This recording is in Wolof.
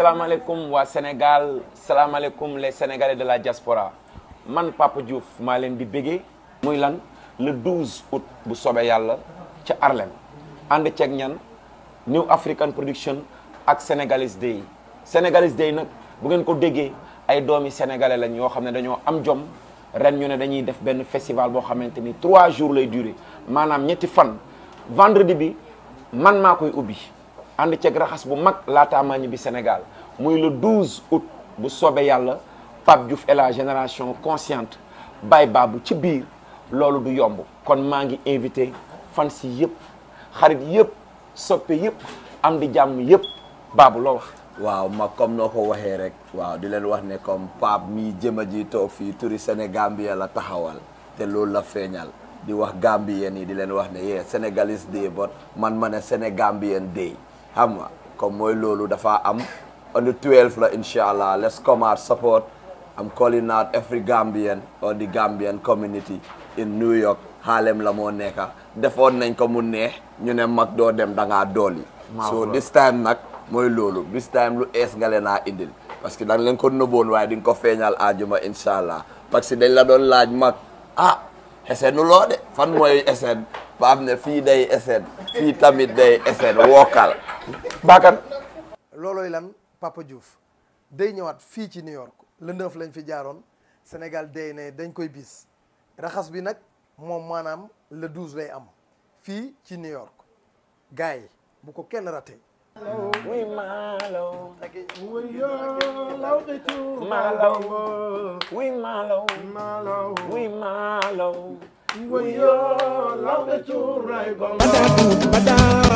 alaikum wa Sénégal alaikum les Sénégalais de la diaspora man Papa Diouf maa di béggee moy lan le 12 août bu soobee yàlla Arlem. Harlem ànd ceeg ñan New African Production ak Sénégalais Day Sénégalais Day nak bu ngeen ko déggé ay doomi sénégalais lañ yo xamné ne dañoo am jom ren ñu né dañuy def benn festival bo xamante 3 trois jours lay durer Manam ñetti fan vendredi bi man maa koy ànd ceeg raxas bu mag laataa maa ñibbi Sénégal muy le 12 août bu soobee yàlla Pape Diouf et la génération consciente Baye Babou ci biir loolu du yomb kon maa ngi invité fans yi yëpp xarit yëpp soppe yëpp am di jàmm yëpp Babou loo wax. waaw ma comme noo ko waxee rek waaw di leen wax ne kom Pape mi jëm a jiitoo fii turi Sénégambie la taxawal te loolu la feeñal. di wax Gambien nii di leen wax ne yee Sénégalais day bot man ma ne Sénégambien day xam nga comme mooy loolu dafa am on the la incha allah let's come out support I'm calling out every Gambian or the Gambian community in New York Harlem la moo nekka defoon nañ ko mu neex ñu ne mag doo dem da ngaa dooli so this time nag mooy loolu this time lu ees nga leen indil parce que da nga leen ko nëbboon waaye di nga ko feeñal aajuma incha allah parce que dañ la doon laaj mag ah esenu loo de fan mooy esen ba am ne fii day esen fii tamit day esen wookal Bakan. Lolo Papa Diouf day ñëwaat fi New York le 9 lañ fi Sénégal day ne koy bis raxas bi le 12 lay am fii ci New York Gaay beaucoup bu ko kenn raté Oui,